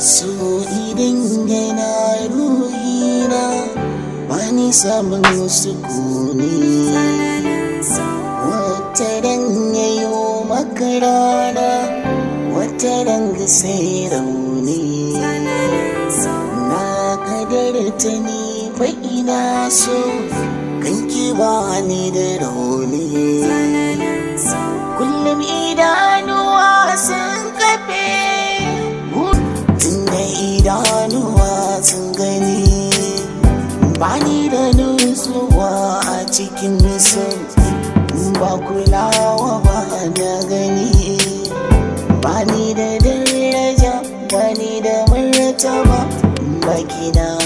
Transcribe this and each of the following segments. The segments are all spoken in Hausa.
so idan gaina ruhina wani samun sukuni wata ran yayo maka rana wata ran sai rauni na kadarta ni fa ina so kan ki ba ni da rauni bani da nutsuwa a cikin sauki ba kulawa ba na gani bani da daraja bani da martaba baki na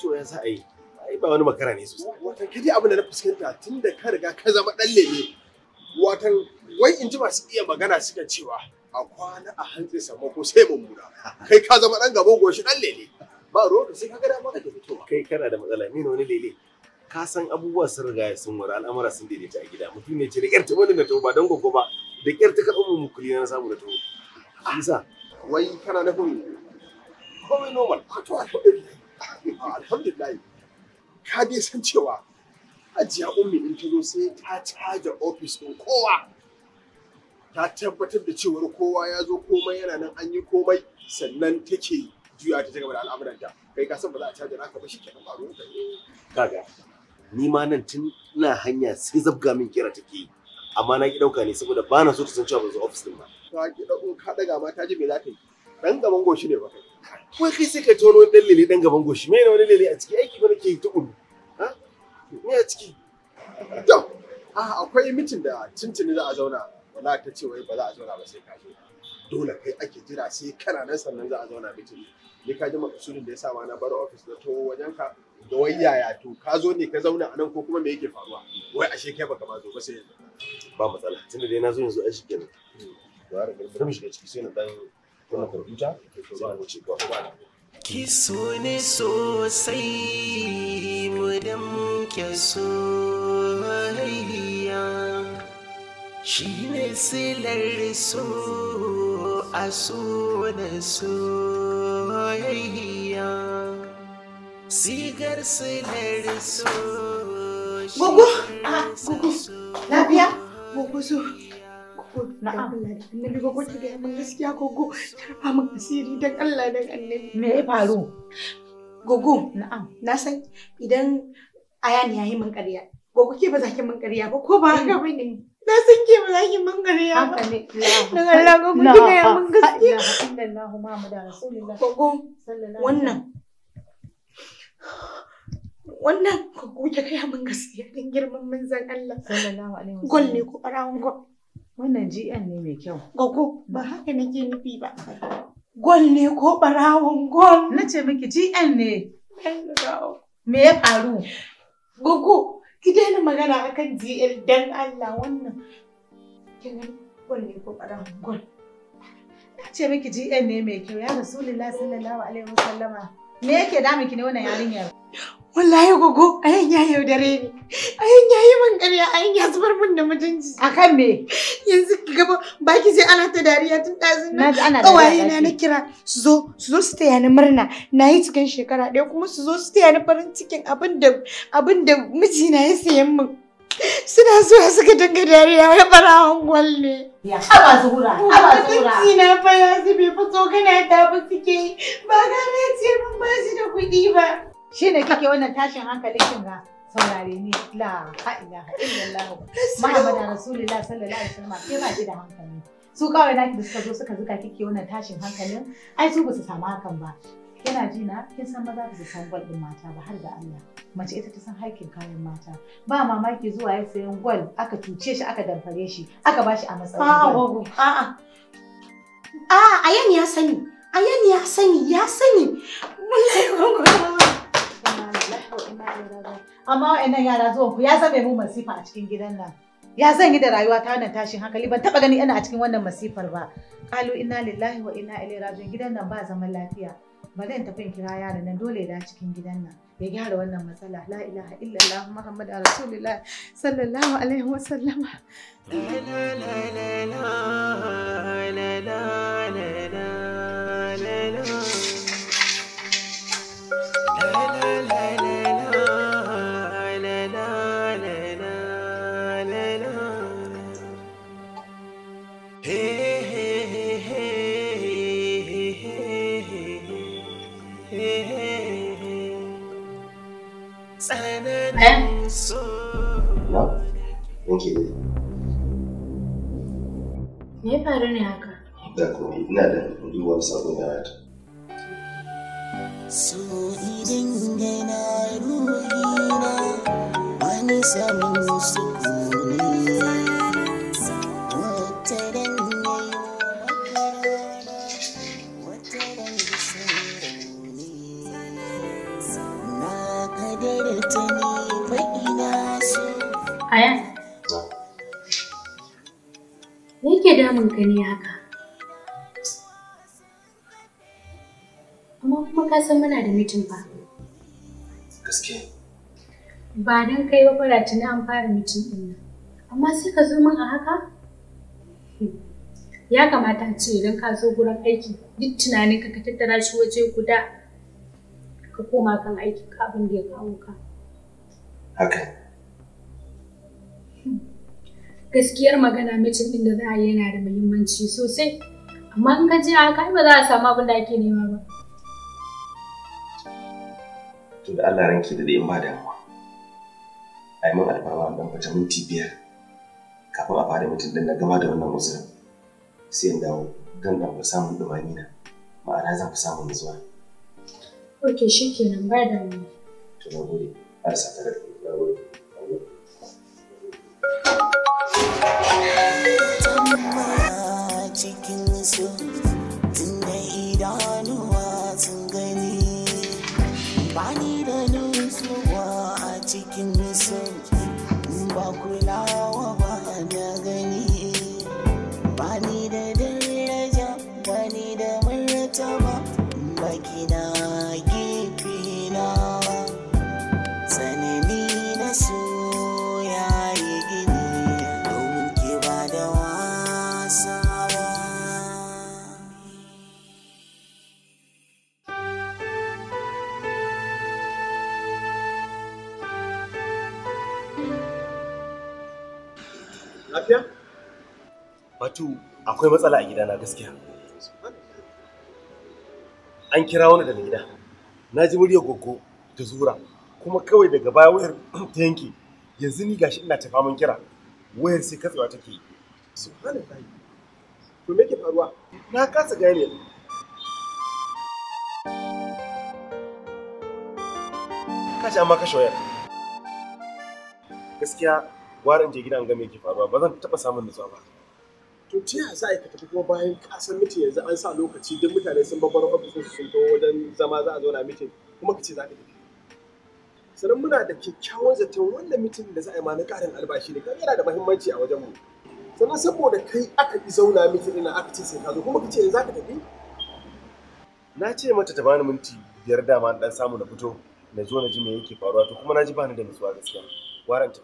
cewa ya sa a yi ba wani makara ne sosai wata kaji abin da na fuskanta tun da ka riga ka zama ɗan lele watan wai in ji masu iya magana suka cewa a kwana a hantsi sama ko sai mummuna kai ka zama dan gaban goshi ɗan lele ba ruwa sai ka gada dama da fitowa kai kana da matsala ni wani lele ka san abubuwa sun riga sun wara al'amura sun daidaita a gida mutum ne ce da kyar tumanin da tawo ba don gogo ba da kyar ta karɓar mukuli na samu da tawo isa wai kana nufin komai normal to alhamdulillah alhamdulillah ka dai san cewa ajiya ummi in ta zo sai ta caja ofis ɗin kowa ta tabbatar da cewar kowa ya zo komai yana nan an yi komai sannan take juya ta gaba da al'amuranta kai ka san ba za a caja naka ba shi kenan ba ruwan kaga ni ma nan tun ina hanya sai zabga min kira take amma na ki dauka ne saboda ba na so ta san cewa ban zo ofis din ba ka ki dauko ka daga ma ta ji me za ta yi dan gaban goshi ne ba kai wai kai sai ka ta wani dan lele dan gaban goshi me ne wani lele a ciki aiki ba ke yi tukun ha me a ciki to a akwai mitin da tuntuni za a zauna wala ta ce wai ba za a zauna ba sai ka zo dole kai ake jira sai kana nan sannan za a zauna mitin Ni ka ji makasudin da ya sa ma na bar ofis na to wajen ka da wai yaya to ka zo ne ka zauna a nan ko kuma me yake faruwa wai ashe kai baka ma zo ba sai yanzu ba matsala tunda dai na zo yanzu ai shi kenan ba ra garbar mu shiga ciki sai na dan kuma mu ne sosai mu soyayya shi ne silar so a so da soyayya sigar silar so Gugu, ah, gugu, lafiya, gugu so. Na'am. Annabi gogo ko gaya min gaskiya gogo ta rufa mun asiri dan Allah dan Annabi. Me ya faru? Gogo. Na'am. Na san idan Ayani ya yi min ƙarya. Gogo ke ba za ki min ƙarya ba ko ba haka ba ne? Na san ke ba za ki min ƙarya ba. Haka ne. Dan Allah gogo ki gaya min gaskiya. Inna Allahu Muhammadu Rasulullah. Gogo. Wannan. Wannan gogo ki gaya min gaskiya dan girman manzon Allah. Sallallahu alaihi wasallam. Gol ne ko ɓarawon gol. Wannan GN ne mai kyau. Gogo, ba haka nake nufi ba. Gol ne ko barawon gol? Na ce miki GN ne. Me ya faru? Gogo, ki daina magana akan GN dan Allah wannan. Kin gol ne ko barawon gol? Na ce miki GN ne mai kyau ya Rasulullahi sallallahu alaihi wasallama. Me yake damu ki ne wannan yarinyar? Wallahi gogo, ayan ya yaudare ni. Ayan ya yi min ƙarya, ayan ya zubar min da mutunci. A kan me? Yanzu ki gaba baki sai ana ta dariya tun ɗazun nan. Naji ana Ƙawaye na na kira su zo su zo su taya ni murna. Na yi cikin shekara ɗaya kuma su zo su taya ni farin cikin abin da abin da mijina ya sayen min. Suna zuwa suka dinga dariya wai ɓarawan gwalle. Ya haba zuhura, haba zuhura. Mutunci na fa ya zube fito kana ta ba suke yi. Ba gane ce mun ba shi da kuɗi ba. shine ne kike wannan tashin hankalin kin ga saurare ni la ha ha illallah muhammadu rasulullahi sallallahu alaihi wasallam ke ba ki da hankali. Su kawai naki da suka zo suka zuka kike wannan tashin hankalin ai su ba su samu hakan ba. Kina ji na kin san maza ba su san gwal din mata ba har da Allah. Mace ita ta san haƙƙin kayan mata. Ba mamaki zuwa ya sayan gwal aka cuce shi aka damfare shi aka bashi a matsayin gwal. A'a a a Ayan ya sani. Ayan ya sani ya sani. Wallahi Amma wa'annan yara zuwan ku ya zame mu masifa a cikin gidan nan. Ya zan yi da rayuwa ta wannan tashin hankali ban taba gani ina a cikin wannan masifar ba. Kalu ina lillahi wa inna ilaihi raji'un gidan nan ba zaman lafiya. ba zan tafi kira yaran nan dole da cikin gidan nan ya gyara wannan matsala. La ilaha illallah Muhammadu Rasulullah sallallahu alaihi wa sallama. muke da Me ya faru ne haka? Da kuma ina da duwar sabon da wata. So idan gana ruhina wani samun su Amma kuma ka san muna da mitin fa. Gaske. Ba don kai ba fara tuni an fara mitin ɗin nan. Amma sai ka zo min a haka? Ya kamata a ce idan ka zo gurin aiki duk tunanin ka ka tattara shi waje guda ka koma kan aiki ka abin da ya kawo ka. Haka. Gaskiyar magana mitin ɗin da za a yi yana da muhimmanci sosai. Amma in ka je haka ba za a samu abin da ake nema ba. to da Allah ranki da in ba damuwa a yi min alfarma don fita minti biyar kafin a fara mutum din na gama da wannan uzurin sai in dawo don dan ku samun dumami na ma'ana zan ku samun nutsuwa ok kenan ba damuwa to na gode sa saka da na gode akwai matsala a gidana gaskiya an kira wani daga gida na ji muryar gogo ta zura kuma kawai daga baya wayar ta yanke yanzu ni gashi ina tafa mun kira wayar sai katsewa take yi subhanallahi to me ke faruwa na kasa gane kashi amma ka wayar gaskiya gwarin je gidan ga me ke faruwa ba zan taba samun nutsuwa ba to ta yaya za a yi ka tafi kuma bayan kasan mitin yanzu an sa lokaci duk mutane sun babbar ofisun sun to wajen zama za a zauna mitin kuma ka ce za ka tafi sannan muna da kyakkyawan zaton wannan mitin da za a yi ma na ƙarin albashi ne kaga yana da muhimmanci a wajen mu sannan saboda kai aka yi zauna mitin ina aka ce sai ka zo kuma ka ce za ka tafi na ce mata ta bani minti biyar dama dan samu na fito na zo na ji me yake faruwa to kuma na ji bani da nutsuwa gaskiya waranta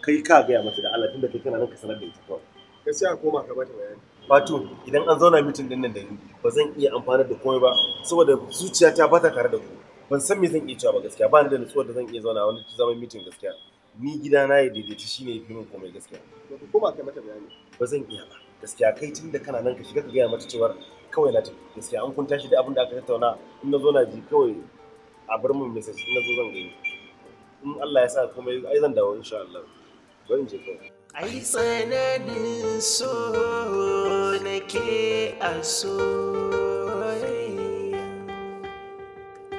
kai ka gaya mata da Allah tunda kai kana nan ka sanar da ita kawai gaskiya koma ka bata bayani Fatu idan an zauna mitin din nan da ni ba zan iya amfana da komai ba saboda zuciyata ba ta tare da ku ban san me zan iya cewa ba gaskiya ba ni da nutsuwar da zan iya zauna wani zaman mitin gaskiya ni gida na ya daidaita shine yafi min komai gaskiya to koma ka mata bayani ba zan iya ba gaskiya kai tun da kana nan ka shiga ka gaya mata cewa kawai na ta gaskiya an kun tashi da abin da aka tattauna in na zo na ji kawai a bar min message in na zo zan gani in Allah ya sa komai ai zan dawo insha Allah bari in je kawai ai tsananin so nake a soyayya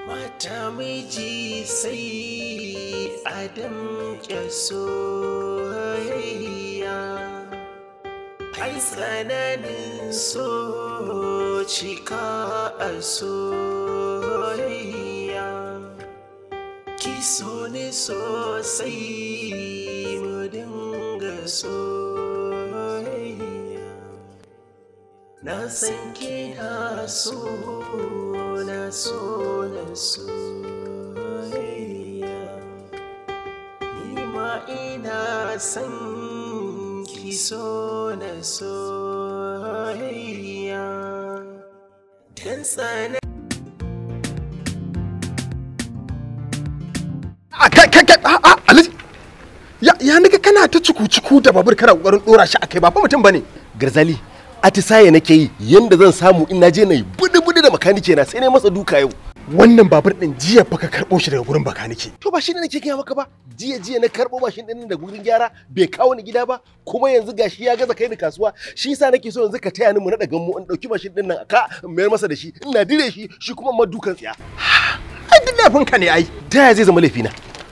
mata miji sai adam ke soyayya ai tsananin so cika a soyayya ki so ne sosai mudin soyayya na san kina so na so na soyayya ni ma ina san ki so na soyayya dan tsana ta ciku-ciku da babur kana kokarin dora shi akai ba fa mutum bane garzali atisaye nake yi yanda zan samu in naje na yi budu budi da makanike na sai na masa duka yau wannan babur din jiya fa ka karbo shi daga gurin makanike to ba shi ne nake gaya maka ba jiya jiya na karbo mashin din daga gurin gyara bai kawo ni gida ba kuma yanzu gashi ya gaza kai ni kasuwa shi yasa nake so yanzu ka taya ni mu na gan mu in dauki mashin din nan ka mayar masa da shi ina dire shi shi kuma ma dukan tsiya ai duk laifin ka ne ai da zai zama na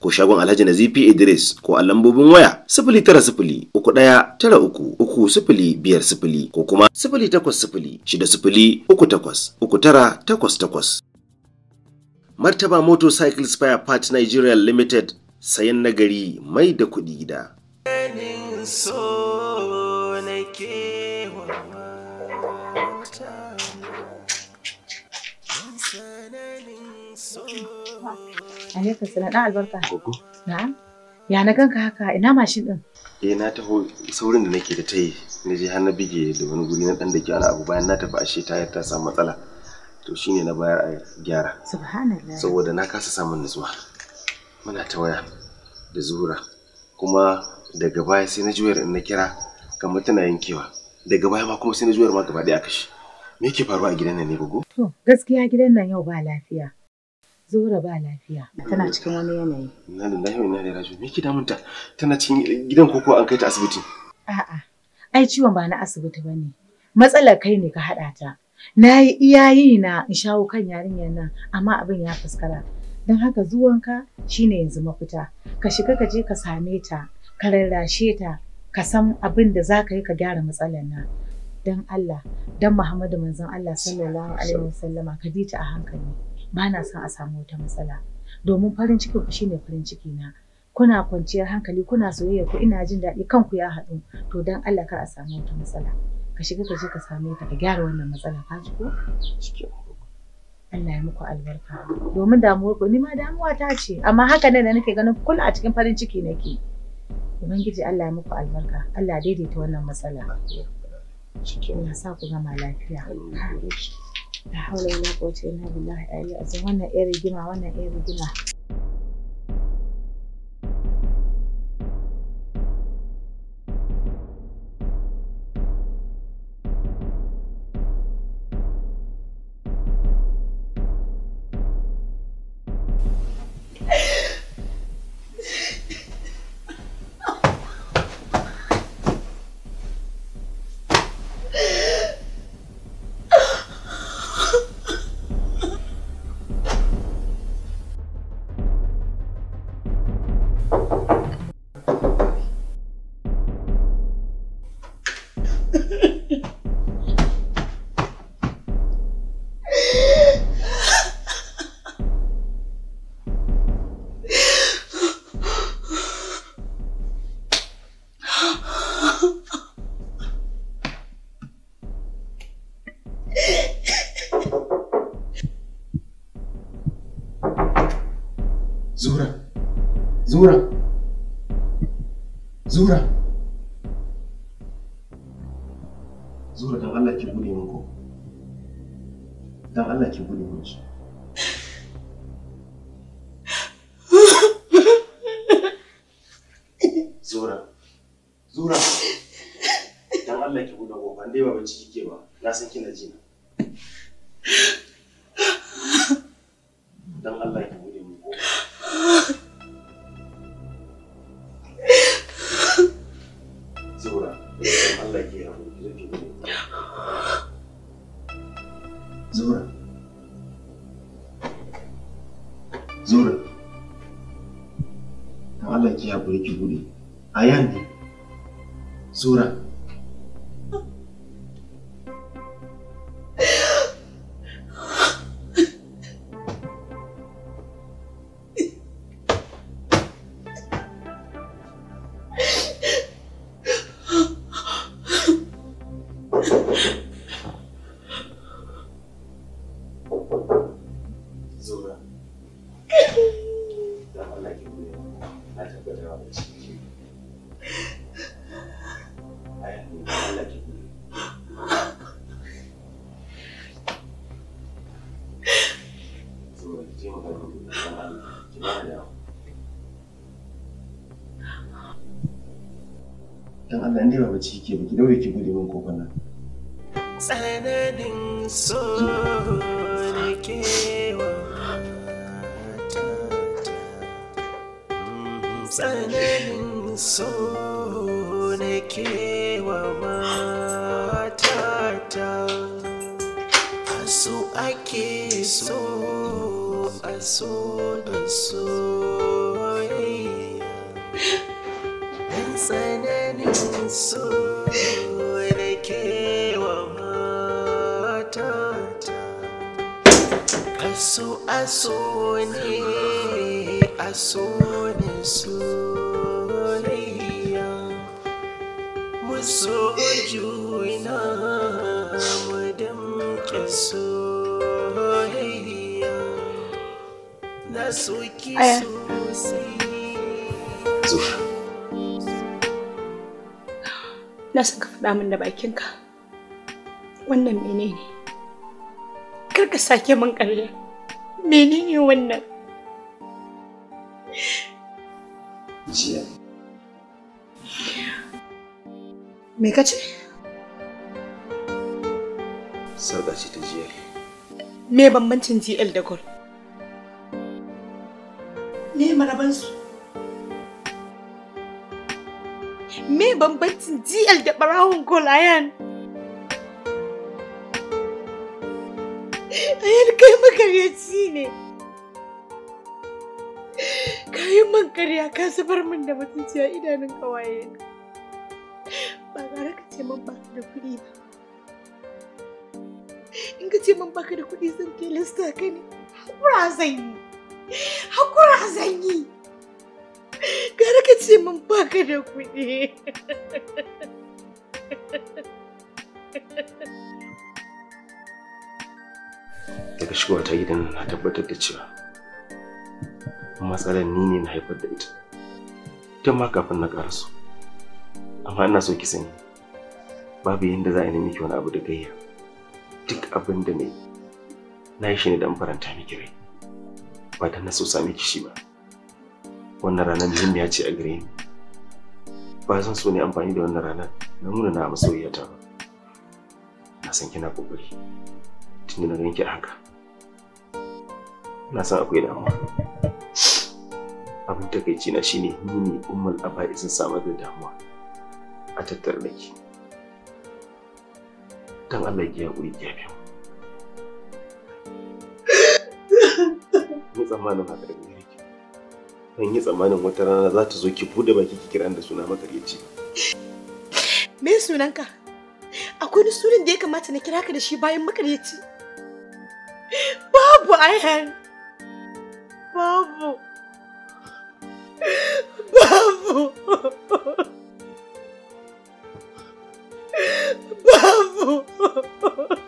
ko shagon Alhaji Nazifi Idris ko a lambobin waya sifili tara sifili uku ɗaya tara uku uku sifili biyar sifili ko kuma sifili takwas sifili shida sifili uku takwas uku tara takwas takwas. Martaba Motorcycle Spire Part Nigeria Limited sayan nagari mai da kuɗi gida. Alaikum albarka. Na'am. Ya na ganka haka ina mashin din? Eh na taho saurin da nake da tayi na je har na bige da wani guri na dan dake ana abu bayan na tafi ashe tayar ta samu matsala. To shine na bayar a gyara. Subhanallah. Saboda na kasa samun nutsuwa. Muna ta waya da Zuhura kuma daga baya sai na juyar in na kira kamar tana yankewa. Daga baya ma kuma sai na juyar ma gaba ɗaya kashi. Me yake faruwa a gidan nan ne gogo? To gaskiya gidan nan yau ba lafiya. Zura ba lafiya. Tana cikin wani yanayi. Inna lillahi wa inna ilaihi raji'un. Me ke damunta? Tana cikin gidan koko an kai ta asibiti. A'a. Ai ciwon ba na asibiti bane. Matsalar kai ne ka haɗa ta. Na yi iyayi na in shawo kan yarinyar nan amma abin ya fuskara. Don haka zuwanka shine yanzu mafita. Ka shiga ka je ka same ta, ka rarrashe ta, ka san abin da za ka yi ka gyara matsalar nan. Don Allah, don Muhammadu manzon Allah sallallahu alaihi wasallama ka bi ta a hankali. ba na son a samu wata matsala domin farin cikin ku shine farin ciki na kuna kwanciyar hankali kuna soyayya ku ina jin daɗi kanku ya haɗu to dan Allah kar a samu wata matsala ka shiga ka je ka same ta ka gyara wannan matsala ka ji ko Allah ya muku albarka domin damuwar ku ni ma damuwa ta ce amma haka ne da nake ganin kul a cikin farin ciki nake Ubangiji Allah ya muku albarka Allah daidaita wannan matsala ya sa ku gama lafiya la haula wala quwwata illa billah ali wannan irin rigima wannan irin rigima Zura. Zura. Zura. Zura dan Allah ki bude muku ko. Dan Allah ki bude muku. Zura. Dan Allah ki haƙuri ki buɗe Ayan Zura. dan Allah ne ba bacci ke ki daure ki gode min koko nan tsananin so ne kewa tsananin so ne kewa matata a so ake so a so so so da kewa ta aso aso ne aso ne soyayya muso juna mu damke soyayya na na san ka faɗa min da bakinka wannan menene kar ka sake min ƙarya menene wannan me ka ce sarƙa ce ta jiya me bambancin gl da gol me marabansu me bambancin GL da barawon Golayan? Ayan kai makaryaci ne. Ka yi man karya ka zubar min da mutunci a idanun kawaye. Ba gara ka ce man baka da kuɗi ba. In ka ce man baka da kuɗi zan ke lasta ka ne. Hakura zan yi. Hakura zan yi. Gara ka ce min baka da kuɗi. Daga shigowa ta gidan na tabbatar da cewa matsalar ni ne na haifar da ita. Tun ma kafin na ƙarasu. Amma ina so ki sani babu yadda za a nemi miki wani abu da gayya. Duk abin da na yi na yi shi ne don faranta miki rai. Ba don na so sami ki shi ba. wannan rana muhimmiya ce a gare ni ba zan so ne amfani da wannan rana na nuna na masoyiyata ba na san kina kokari tun da ganki a haka na san akwai damuwa abin takaici na shine ni ne ummul aba'isin samar da damuwa a tattar da ki dan Allah ki kuri ki yafe mu haka ne an yi tsammanin wata rana za ta zo ki bude baki ki kiran da suna makaryaci me sunanka akwai wani sunan da ya kamata na kira ka da shi bayan makaryaci babu ayhan babu babu babu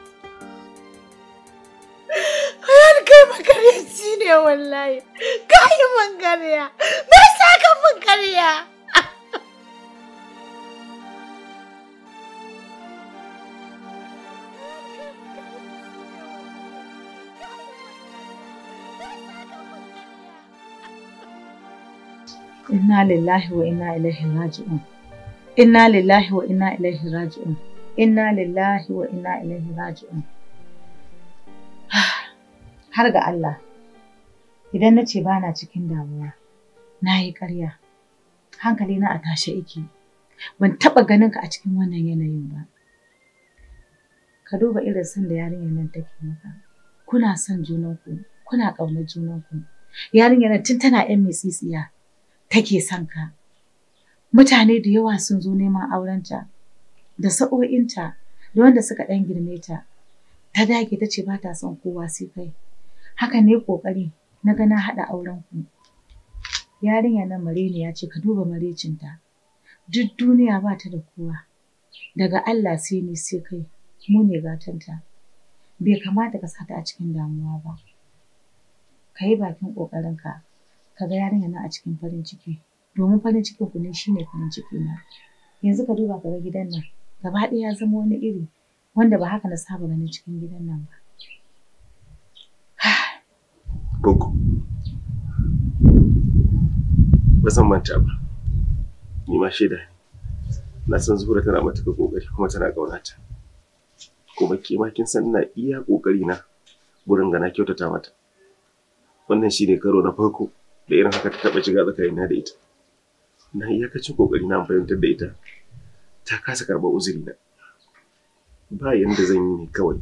kai makaryaci ne wallahi kayi mun karya me yasa ka mun karya inna lillahi wa inna ilaihi raji'un inna inna lillahi wa inna ilaihi raji'un har ga Allah idan na ce ba na cikin damuwa na yi ƙarya hankali na a tashe iki ban taɓa ganin ka a cikin wannan yanayin ba ka duba irin son da yarinyar nan take maka kuna son junanku kuna ƙaunar ku. yarinyar nan tun tana yan mitsitsiya take son ka mutane da yawa sun zo neman aurenta da sa'o'inta da wanda suka ɗan girme ta ta dage ta ce ba ta son kowa sai kai haka ne ƙoƙari na ga na haɗa auren ku yarinya nan ya ce ka duba marecinta duk duniya bata da kowa daga Allah sai ni sai kai mu ne gatanta bai kamata ka sata a cikin damuwa ba ka yi bakin ƙoƙarinka ka ga yarinya nan a cikin farin ciki domin farin cikin ku ne shine farin ciki na yanzu ka duba ka ga gidan nan gaba ɗaya ya zama wani iri wanda ba haka na saba ganin cikin gidan nan ba Gogo. Ba zan manta ba. Ni ma shaida Na san Zuhura tana matuka ƙoƙari kuma tana ƙaunata. Kuma ke ma kin san iya ƙoƙari na gurin gana na kyautata mata. Wannan shine karo na farko da irin haka ta taɓa shiga tsakanina da ita. Na iyakacin ƙoƙari na fahimtar da ita. Ta kasa karɓar uzuri na. Ba yanda zan yi kawai.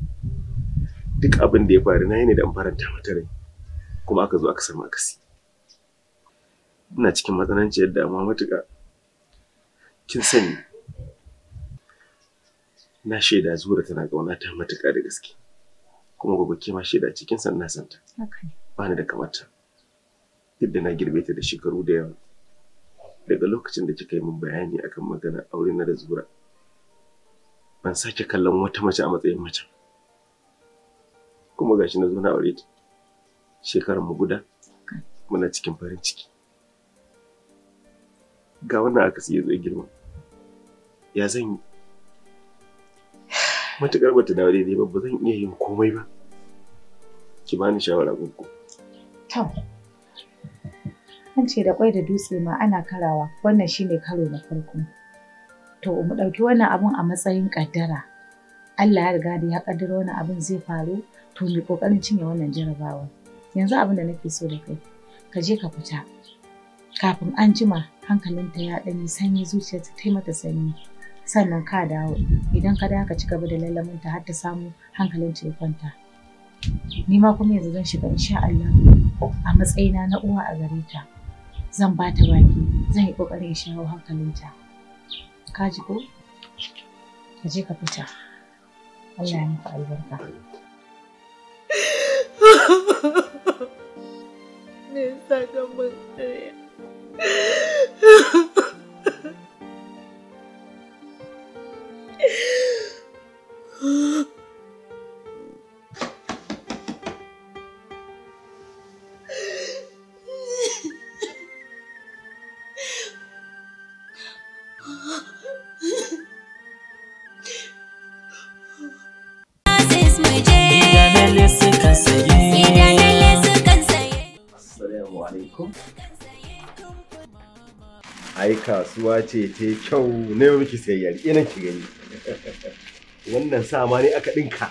Duk abin da ya faru na yi ne da in faranta mata rai. kuma aka zo aka samu akasi ina cikin matsananciyar damuwa matuƙa kin sani na shaida zura tana gauna ta matuƙa da gaske kuma gobe ke ma shaida cikin san na santa ba ni da kamata duk na girbe ta da shekaru da yawa daga lokacin da kika yi min bayani akan magana aure na da zura ban sake kallon wata mace a matsayin mace kuma gashi na zo na aure ta shekarar mu guda muna cikin farin ciki ga wannan aka ya zo girma ya zan yi matuƙar bata dawo daidai ba ba zan iya yin komai ba ki bani shawara gungu to an ce da kwai da dutse ma ana karawa wannan shine karo na farko to mu ɗauki wannan abun a matsayin ƙaddara Allah ya riga da ya ƙaddara wannan abun zai faru to mu ƙoƙarin cinye wannan jarabawar yanzu abin da nake so da kai ka je ka fita kafin an jima hankalinta ya ɗanyi sanyi zuciyarta ta mata sanyi sannan ka dawo idan ka dawo ka ci gaba da lallamanta har ta samu hankalinta ya kwanta ni ma kuma yanzu zan shiga insha Allah a matsayina na uwa a gare ta zan ba ta baki zan yi kokarin shawo hankalinta ka ji ko ka je ka fita Allah ya maka albarka ne sakamın ya. kasuwa ce ta kyau ne yau miki sayayyar ina ki gani wannan sa ma ne aka dinka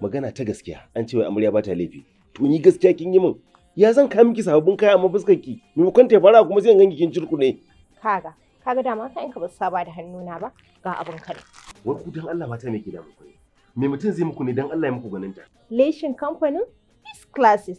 magana ta gaskiya an ce wai amarya ba ta laifi to ni gaskiya kin yi min ya zan ka miki sababbin kaya amma fuskar ki maimakon ta fara kuma sai in ganki kin cirku ne kaga kaga dama ka in ka ba saba da hannuna ba ga abin kare wai ku dan Allah mata me ke da muku me mutum zai muku ne dan Allah ya muku ganin ta leshin kamfanin class classes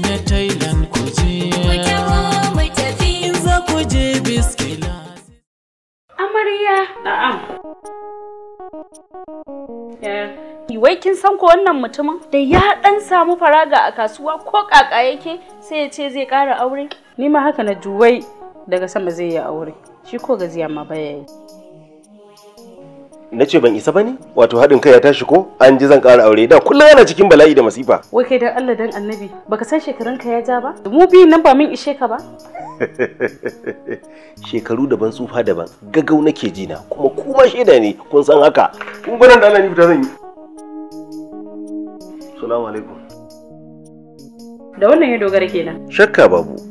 wai kin san ko wannan mutumin da ya dan samu faraga a kasuwa ko kaka yake sai ya ce zai kara aure ni ma haka na juwai daga sama zai yi aure shi ko gaziya ma baya yi na ce ban isa bane wato haɗin kai ya tashi ko an ji zan ƙara aure da kullum yana cikin bala'i da masifa wai kai dan Allah dan annabi baka san shekarun ka ya ja ba mu biyu nan ba min ishe ka ba shekaru daban tsufa daban gagau nake jina kuma kuma shaida ne kun san haka kun gwanan da Allah ni fita zan yi Salamu alaikum. Da wannan ya dogara kenan. Shakka babu.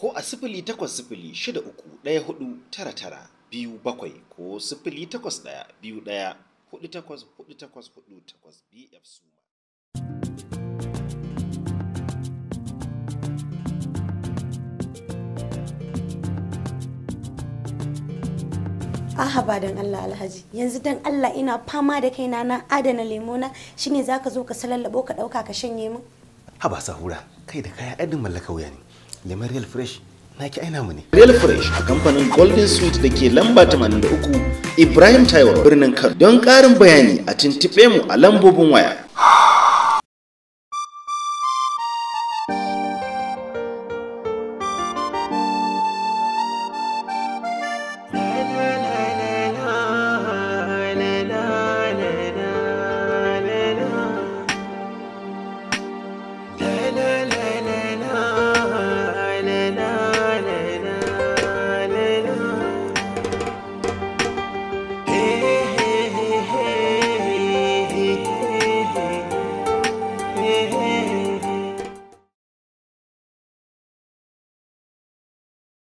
ko a sifili takwas sifili shida uku ɗaya hudu tara tara biyu bakwai ko sifili takwas ɗaya biyu ɗaya hudu takwas hudu takwas hudu takwas bf suma. A ba dan Allah Alhaji yanzu dan Allah ina fama da kaina na adana lemona shine zaka zo ka salallabo ka ɗauka ka shanye min haba sahura kai da kaya ɗan mallaka wuya ne Lemon Real Fresh na ki aina mu ne. Real Fresh a kamfanin Golden Sweet da ke lamba uku Ibrahim Taiwo birnin Kano. Don ƙarin bayani a tuntuɓe mu a lambobin waya.